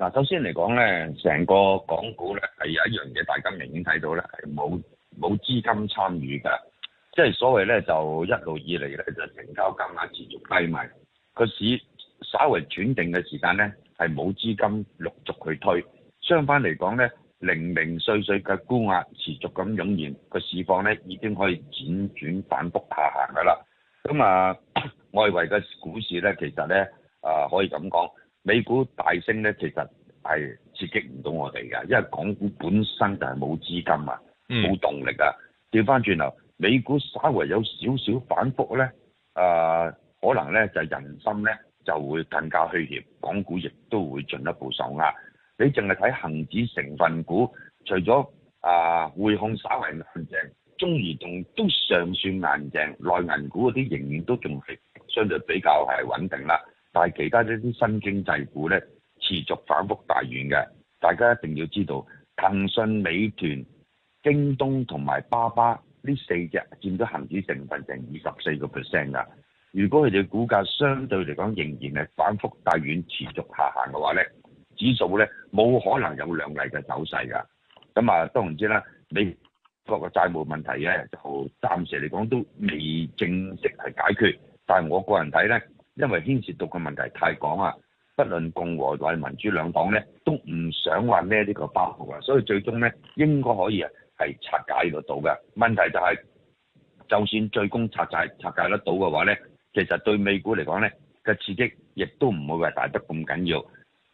嗱，首先嚟講咧，成個港股咧係有一樣嘢，大家明顯睇到咧係冇冇資金參與㗎，即係所謂咧就一路以嚟咧就成交金額持續低迷，個市稍微轉定嘅時間咧係冇資金陸續去推，相反嚟講咧零零碎碎嘅沽壓持續咁湧現，個市況咧已經可以輾轉反覆下行㗎啦。咁、嗯、啊、呃，外圍嘅股市咧其實咧啊、呃、可以咁講。美股大升咧，其實係刺激唔到我哋嘅，因為港股本身就係冇資金啊，冇、嗯、動力啊。調翻轉頭，美股稍微有少少反覆咧，誒、呃，可能咧就是、人心咧就會更加虛怯，港股亦都會進一步受壓。你淨係睇恒指成分股，除咗誒、呃、匯控稍微硬淨，中移動都尚算硬淨，內銀股嗰啲仍然都仲係相對比較係穩定啦。但係其他一啲新經濟股咧，持續反覆大軟嘅，大家一定要知道，騰訊、美團、京東同埋巴巴呢四隻佔咗恒指成分成二十四個 percent 㗎。如果佢哋股價相對嚟講仍然係反覆大軟持續下行嘅話咧，指數咧冇可能有兩例嘅走勢㗎。咁啊，當然知啦，美國嘅債務問題咧，就暫時嚟講都未正式係解決，但係我個人睇咧。因為牽涉到嘅問題太廣啊，不論共和或民主兩黨咧，都唔想話孭呢個包袱啊，所以最終咧應該可以啊係拆解得到嘅。問題就係、是，就算最終拆解拆解得到嘅話咧，其實對美股嚟講咧嘅刺激亦都唔會話大得咁緊要。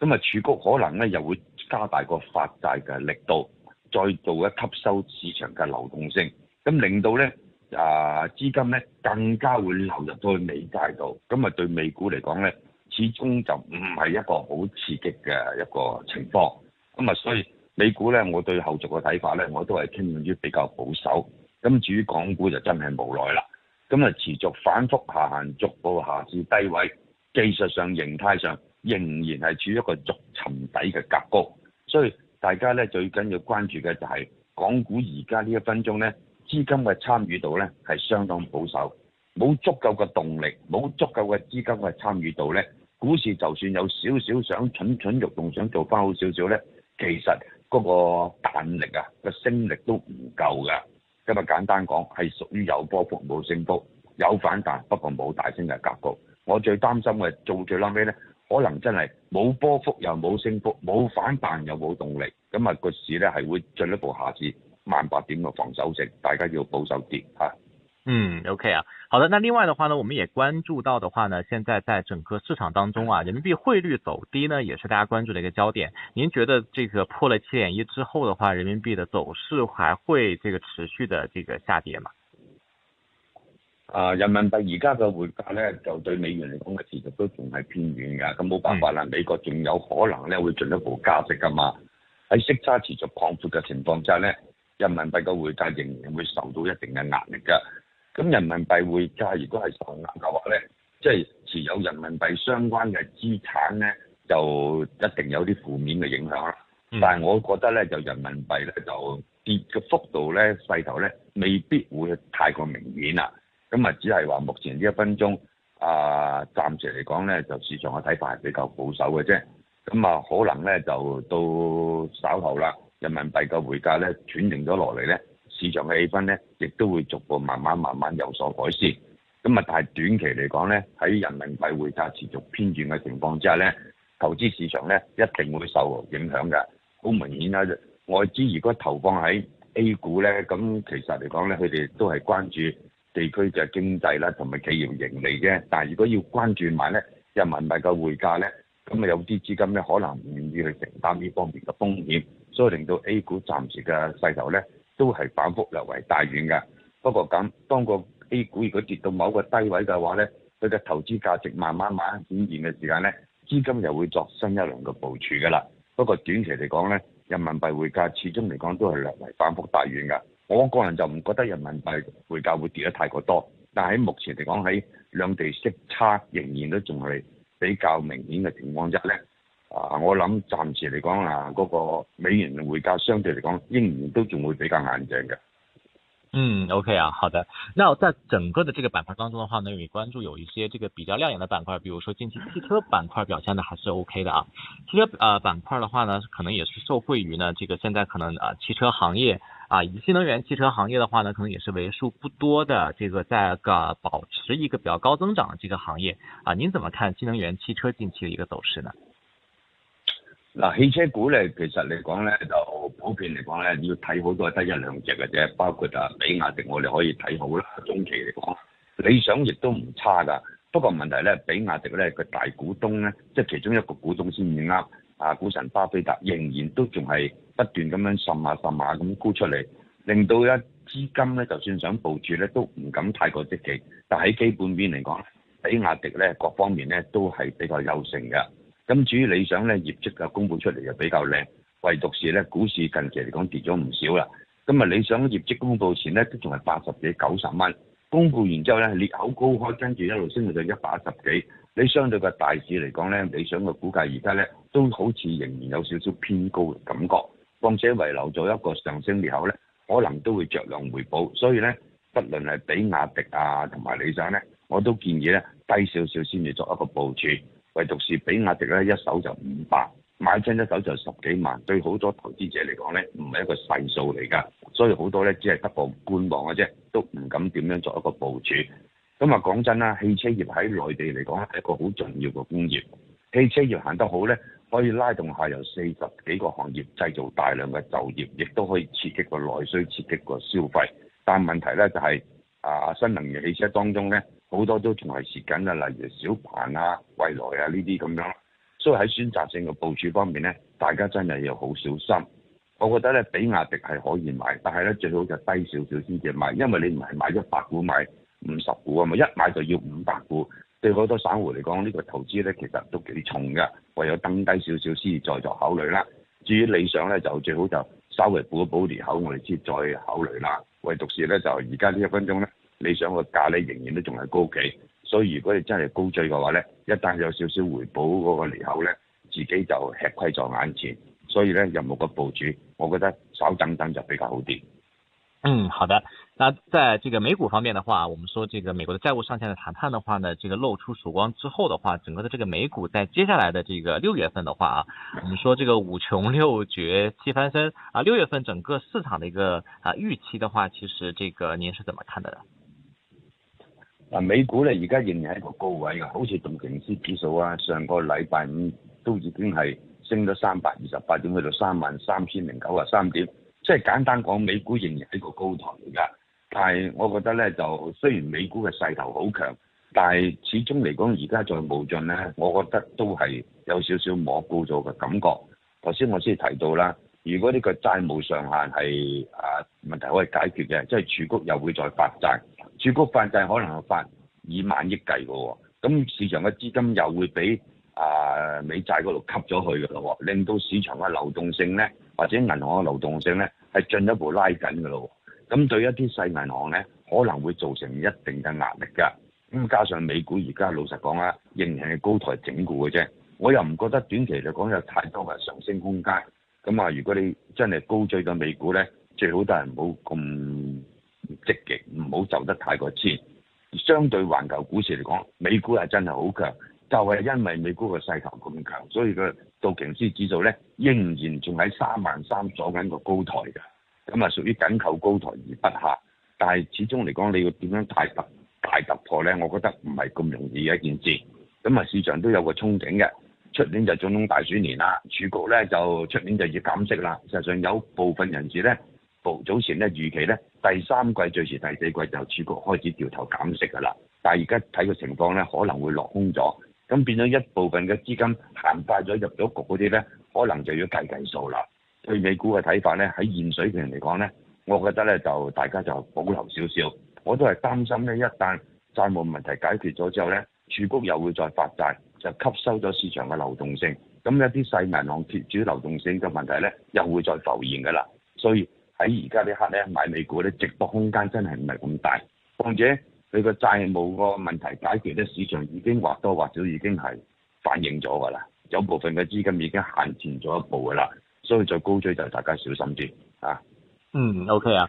咁啊，儲局可能咧又會加大個發債嘅力度，再做一吸收市場嘅流動性，咁令到咧。啊，資金咧更加會流入到去美債度，咁啊對美股嚟講咧，始終就唔係一個好刺激嘅一個情況，咁啊所以美股咧，我對後續嘅睇法咧，我都係傾向於比較保守。咁至於港股就真係無奈啦，咁啊持續反覆下行，逐步下至低位，技術上、形態上仍然係處於一個逐沉底嘅格局，所以大家咧最緊要關注嘅就係港股而家呢一分鐘咧。資金嘅參與度咧係相當保守的，冇足夠嘅動力，冇足夠嘅資金嘅參與度咧，股市就算有少少想蠢蠢欲動，想做翻好少少咧，其實嗰個彈力啊，個升力都唔夠㗎。今日簡單講係屬於有波幅冇升幅，有反彈不過冇大升嘅格局。我最擔心嘅做最嬲尾咧，可能真係冇波幅又冇升幅，冇反彈又冇動力，咁、那、啊個市咧係會進一步下跌。萬八點嘅防守值，大家要保守啲吓。嗯，OK 啊，好的。那另外的話呢，我們也關注到的話呢，現在在整個市場當中啊，人民幣匯率走低呢，也是大家關注嘅一個焦點。您覺得這個破了七點一之後的話，人民幣嘅走勢還會這個持續的這個下跌嗎？啊，人民幣而家嘅匯價呢，就對美元嚟講嘅持續都仲係偏軟㗎。咁冇辦法啦，嗯、美國仲有可能呢會進一步加息㗎嘛。喺息差持續擴闊嘅情況之下呢。人民幣個匯價仍然會受到一定嘅壓力㗎，咁人民幣匯價如果係受壓嘅話咧，即、就、係、是、持有人民幣相關嘅資產咧，就一定有啲負面嘅影響啦。嗯、但係我覺得咧，就人民幣咧就跌嘅幅度咧、勢頭咧，未必會太過明顯啦。咁啊，只係話目前呢一分鐘啊，暫時嚟講咧，就市場嘅睇法係比較保守嘅啫。咁啊，可能咧就到稍後啦。人民幣嘅匯價咧轉定咗落嚟咧，市場嘅氣氛咧亦都會逐步慢慢慢慢有所改善。咁啊，但係短期嚟講咧，喺人民幣匯價持續偏軟嘅情況之下咧，投資市場咧一定會受影響嘅。好明顯啊，外資如果投放喺 A 股咧，咁其實嚟講咧，佢哋都係關注地區嘅經濟啦，同埋企業盈利嘅。但如果要關注埋咧人民幣嘅匯價咧，咁啊有啲資金咧可能唔願意去承擔呢方面嘅風險。所以令到 A 股暫時嘅勢頭咧，都係反覆略為大軟嘅。不過咁，當個 A 股如果跌到某個低位嘅話咧，佢嘅投資價值慢慢慢慢展現嘅時間咧，資金又會作新一輪嘅部署噶啦。不過短期嚟講咧，人民幣匯價始終嚟講都係略為反覆大軟嘅。我個人就唔覺得人民幣匯價會跌得太過多。但係喺目前嚟講，喺兩地息差仍然都仲係比較明顯嘅情況之下咧。啊，我諗暫時嚟講啊，嗰、那個美元匯價相對嚟講，仍然都仲會比較硬淨嘅。嗯，OK 啊，好的。那我在整個的這個板塊當中的話呢，你關注有一些這個比較亮眼的板塊，比如說近期汽車板塊表現的還是 OK 的啊。汽車啊板塊的話呢，可能也是受惠於呢，這個現在可能啊汽車行業啊，以及新能源汽車行業的話呢，可能也是為數不多的這個在個保持一個比較高增長的這個行業。啊，您怎麼看新能源汽車近期的一個走勢呢？嗱，汽車股咧，其實嚟講咧，就我普遍嚟講咧，要睇好多係得一兩隻嘅啫。包括啊，比亞迪我哋可以睇好啦，中期嚟講，理想亦都唔差噶。不過問題咧，比亞迪咧個大股東咧，即係其中一個股東先至啱。啊，股神巴菲特仍然都仲係不斷咁樣滲下滲下咁沽出嚟，令到一資金咧，就算想部署咧，都唔敢太過積極。但喺基本面嚟講，比亞迪咧各方面咧都係比較優勝嘅。咁至於理想咧，業績公佈出嚟就比較靚，唯獨是咧，股市近期嚟講跌咗唔少啦。咁啊，理想業績公佈前咧都仲係八十幾、九十蚊，公佈完之後咧裂口高開，跟住一路升到到一百一十幾。你相對個大市嚟講咧，理想嘅股價而家咧都好似仍然有少少偏高嘅感覺，況且遺留咗一個上升裂口咧，可能都會着量回補。所以咧，不論係比亞迪啊同埋理想咧，我都建議咧低少少先至作一個部署。唯獨是比亞迪咧，一手就五百，買親一手就十幾萬，對好多投資者嚟講咧，唔係一個細數嚟噶，所以好多咧只係得個觀望嘅啫，都唔敢點樣作一個部署。咁啊講真啦，汽車業喺內地嚟講係一個好重要嘅工業，汽車業行得好咧，可以拉動下游四十幾個行業，製造大量嘅就業，亦都可以刺激個內需，刺激個消費。但係問題咧就係、是、啊，新能源汽車當中咧。好多都仲係蝕緊啊，例如小鵬啊、蔚來啊呢啲咁樣，所以喺選擇性嘅部署方面咧，大家真係要好小心。我覺得咧，比亞迪係可以買，但係咧最好就低少少先至買，因為你唔係買一百股買五十股啊嘛，一買就要五百股，對好多散戶嚟講，呢個投資咧其實都幾重㗎。唯有等低少少先至再作考慮啦。至於理想咧，就最好就稍微補一補裂口，我哋先再考慮啦。唯獨是咧，就而家呢一分鐘咧。你想個價呢，仍然都仲係高企，所以如果你真係高追嘅話咧，一旦有少少回報嗰個利口咧，自己就吃虧在眼前，所以咧任冇個部署，我覺得稍等等就比較好啲。嗯，好的。那在這個美股方面的話，我們說這個美國的債務上限的談判的話呢，這個露出曙光之後的話，整個的這個美股在接下來的這個六月份的話啊，我們說這個五窮六絕七翻身啊，六月份整個市場的一個啊預期的話，其實這個您是怎麼看的？啊，美股咧而家仍然喺個高位嘅，好似道瓊斯指數啊，上個禮拜五都已經係升咗三百二十八點，去到三萬三千零九十三點。即係簡單講，美股仍然喺個高台嚟噶。但係我覺得咧，就雖然美股嘅勢頭好強，但係始終嚟講，而家再係無盡咧，我覺得都係有少少摸高咗嘅感覺。頭先我先提到啦，如果呢個債務上限係啊問題可以解決嘅，即係儲局又會再發債。住谷發債可能係發以萬億計嘅喎，咁市場嘅資金又會俾啊、呃、美債嗰度吸咗去嘅咯，令到市場嘅流動性咧，或者銀行嘅流動性咧，係進一步拉緊嘅咯。咁對一啲細銀行咧，可能會造成一定嘅壓力㗎。咁加上美股而家老實講啦，仍然係高台整固嘅啫。我又唔覺得短期嚟講有太多嘅上升空間。咁啊，如果你真係高追到美股咧，最好都係唔好咁積極唔好走得太過前，相對環球股市嚟講，美股係真係好強，就係因為美股個勢頭咁強，所以個道瓊斯指數咧仍然仲喺三萬三左緊個高台㗎，咁啊屬於緊扣高台而不下，但係始終嚟講，你要點樣大突大突破咧？我覺得唔係咁容易嘅一件事。咁啊，市場都有個憧憬嘅，出年就總統大選年啦，儲局咧就出年就要減息啦。實際上有部分人士咧。早前咧預期咧第三季最遲第四季就儲局開始掉頭減息㗎啦，但係而家睇個情況咧，可能會落空咗，咁變咗一部分嘅資金行快咗入咗局嗰啲咧，可能就要計計數啦。對美股嘅睇法咧，喺現水平嚟講咧，我覺得咧就大家就保留少少。我都係擔心咧，一旦債務問題解決咗之後咧，儲局又會再發債，就吸收咗市場嘅流動性，咁一啲細銀行缺住流動性嘅問題咧，又會再浮現㗎啦，所以。喺而家呢刻咧買美股咧，直落空間真係唔係咁大，況且佢個債務個問題解決咧，市場已經或多或少已經係反映咗㗎啦，有部分嘅資金已經行前咗一步㗎啦，所以再高追就大家小心啲、啊、嗯，OK 啊。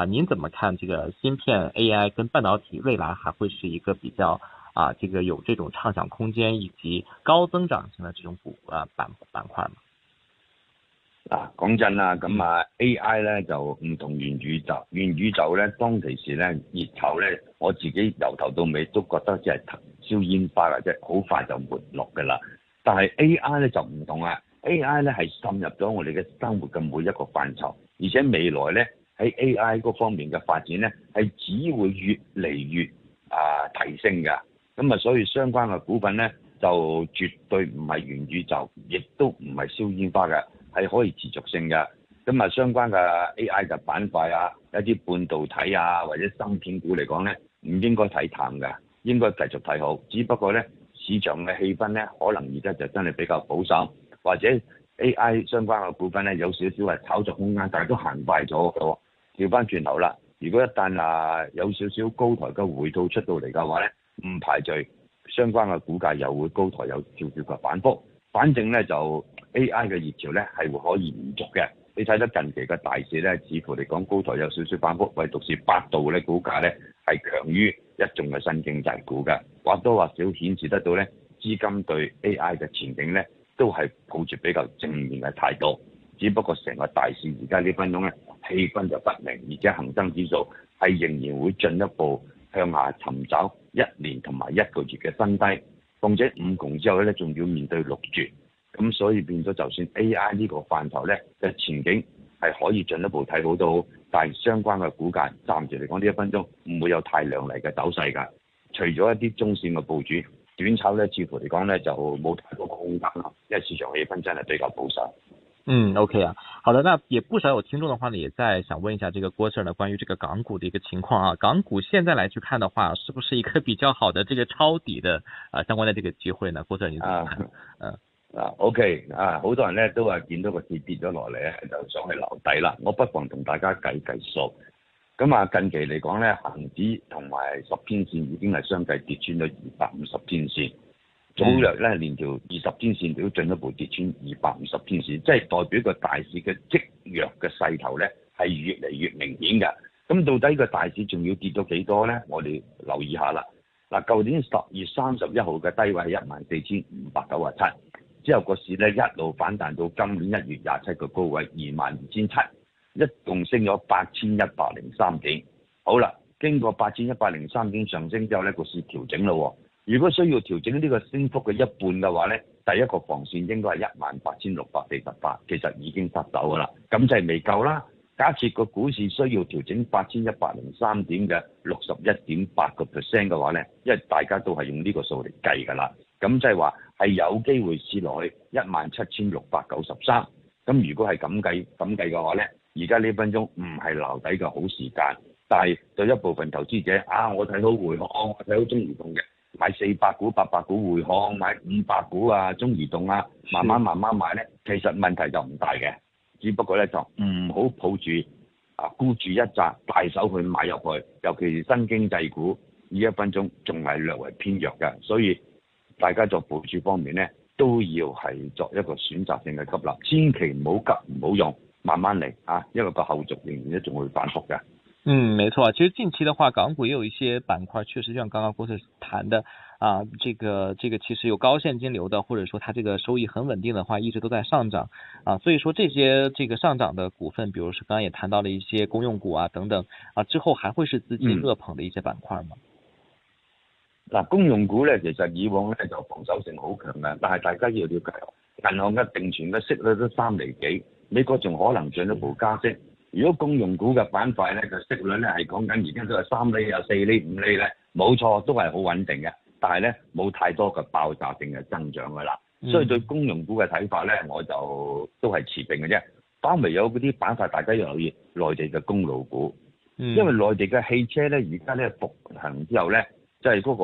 啊，您怎麼看這個芯片 A I 跟半導體未來還會是一個比較啊，這個有這種暢想空間以及高增長性嘅這種股啊板板塊嘛？嗱、啊，講真啦，咁啊 A I 咧就唔同元宇宙，元宇宙咧當其時咧熱炒咧，我自己由頭到尾都覺得只係燒煙花或者好快就沒落嘅啦。但係 A I 咧就唔同啊，A I 咧係滲入咗我哋嘅生活嘅每一個範疇，而且未來咧。喺 A I 嗰方面嘅發展呢，係只會越嚟越啊提升㗎。咁啊，所以相關嘅股份呢，就絕對唔係元宇宙，亦都唔係燒煙花㗎，係可以持續性㗎。咁啊，相關嘅 A I 嘅板塊啊，一啲半導體啊，或者芯片股嚟講呢，唔應該睇淡㗎，應該繼續睇好。只不過呢，市場嘅氣氛呢，可能而家就真係比較保守，或者 A I 相關嘅股份呢，有少少係炒作空間，但係都行快咗。調翻轉頭啦！如果一旦啊有少少高台嘅回吐出到嚟嘅話咧，唔排除相關嘅股價又會高台有少少嘅反覆。反正咧，就 AI 嘅熱潮咧係會可以延續嘅。你睇得近期嘅大市咧，似乎嚟講高台有少少反覆，唯獨是百度咧，股價咧係強於一眾嘅新經濟股嘅。或多或少顯示得到咧，資金對 AI 嘅前景咧都係抱住比較正面嘅態度。只不過成個大市而家呢分鐘咧。氣氛就不明，而且恒生指數係仍然會進一步向下尋找一年同埋一個月嘅新低，況且五窮之後咧，仲要面對六絕，咁所以變咗就算 AI 呢個範疇咧嘅前景係可以進一步睇到到，但係相關嘅股價暫時嚟講呢一分鐘唔會有太靚嚟嘅走勢㗎，除咗一啲中線嘅部署，短炒咧似乎嚟講咧就冇太多空間啦，因為市場氣氛真係比較保守。嗯，OK 啊，好的，那也不少有聽眾的話呢，也在想問一下，這個郭 Sir 呢，關於這個港股的一個情況啊，港股現在來去看的話，是不是一個比較好的這個抄底的啊相關的這個機會呢？郭 Sir，你點睇？啊，OK 啊，好、okay, 啊、多人呢都話、啊、見到個市跌咗落嚟，就想去留底啦。我不妨同大家計計數，咁啊近期嚟講咧，恒指同埋十天線已經係相繼跌穿咗二百五十天線。總約咧，連條二十天線都進一步跌穿二百五十天線，即係代表大的的呢越越的個大市嘅積弱嘅勢頭咧，係越嚟越明顯嘅。咁到底個大市仲要跌咗幾多咧？我哋留意下啦。嗱，舊年十月三十一號嘅低位係一萬四千五百九十七，之後個市咧一路反彈到今年一月廿七個高位二萬二千七，22, 700, 一共升咗八千一百零三點。好啦，經過八千一百零三點上升之後咧，個市調整喎、哦。如果需要調整呢個升幅嘅一半嘅話呢，第一個防線應該係一萬八千六百四十八，其實已經失守㗎啦。咁就係未夠啦。假設個股市需要調整八千一百零三點嘅六十一點八個 percent 嘅話呢，因為大家都係用呢個數嚟計㗎啦。咁就係話係有機會試落去一萬七千六百九十三。咁如果係咁計咁計嘅話呢，而家呢分鐘唔係留底嘅好時間，但係對一部分投資者啊，我睇好回落，我睇好中移動嘅。買四百股、八百股匯行，買五百股啊，中移動啊，慢慢慢慢買呢，的其實問題就唔大嘅，只不過呢，就唔好抱住、嗯、啊孤注一擲大手去買入去，尤其是新經濟股，呢一分鐘仲係略為偏弱嘅，所以大家做部署方面呢，都要係作一個選擇性嘅吸納，千祈唔好急唔好用，慢慢嚟啊，因為個後續仍然咧仲會反覆嘅。嗯，沒錯，其實近期的話，港股也有一些板塊，確實像剛剛過去談的啊，這個這個其實有高現金流的，或者說它這個收益很穩定的話，一直都在上漲啊，所以說這些這個上漲的股份，比如說剛剛也談到了一些公用股啊等等啊，之後還會是資金熱捧的一些板塊嘛？那、嗯、公用股呢，其實以往呢就防守性好強嘅，但是大家要了解，銀行嘅定存的息率都三厘幾，美國仲可能進一步加息。嗯如果公用股嘅板塊咧，個息率咧係講緊而家都係三厘、有四厘、五厘咧，冇錯，都係好穩定嘅。但係咧，冇太多嘅爆炸性嘅增長噶啦。嗯、所以對公用股嘅睇法咧，我就都係持平嘅啫。包括有嗰啲板塊，大家要留意內地嘅公路股，嗯、因為內地嘅汽車咧，而家咧復行之後咧，即係嗰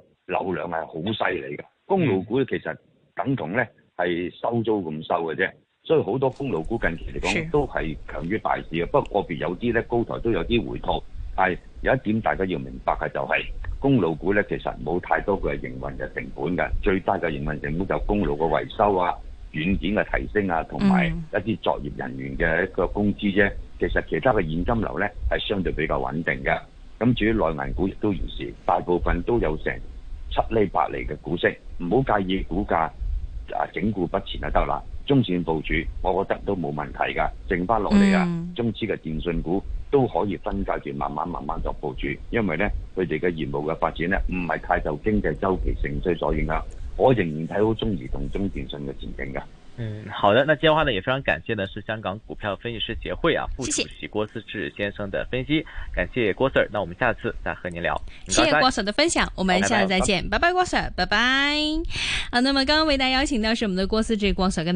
個流量係好犀利嘅。嗯、公路股其實等同咧係收租咁收嘅啫。所以好多公路股近期嚟講都係強於大市嘅，不過個別有啲咧高台都有啲回吐。但係有一點大家要明白嘅就係，公路股咧其實冇太多嘅營運嘅成本嘅，最低嘅營運成本就是公路嘅維修啊、軟件嘅提升啊，同埋一啲作業人員嘅一個工資啫。其實其他嘅現金流咧係相對比較穩定嘅。咁至於內銀股亦都如是，大部分都有成七厘八厘嘅股息，唔好介意股價啊，整固不前就得啦。中線部署，我覺得都冇問題噶。剩翻落嚟啊，中資嘅電信股都可以分階段，嗯、慢慢慢慢做部署。因為呢，佢哋嘅業務嘅發展呢，唔係太受經濟周期盛衰所影響。我仍然睇好中移同中電信嘅前景噶。嗯，好的，那今日嘅呢也非常感謝呢，是香港股票分析師協會啊副主席郭思治先生嘅分析。謝謝。感謝郭 Sir，那我們下次再和您聊。謝謝，謝，謝郭 Sir 的分享，我們下次再見，好拜拜，郭 Sir，拜拜。好拜拜、啊，那麼剛剛為大家邀請到是我們的郭思治郭 Sir 跟。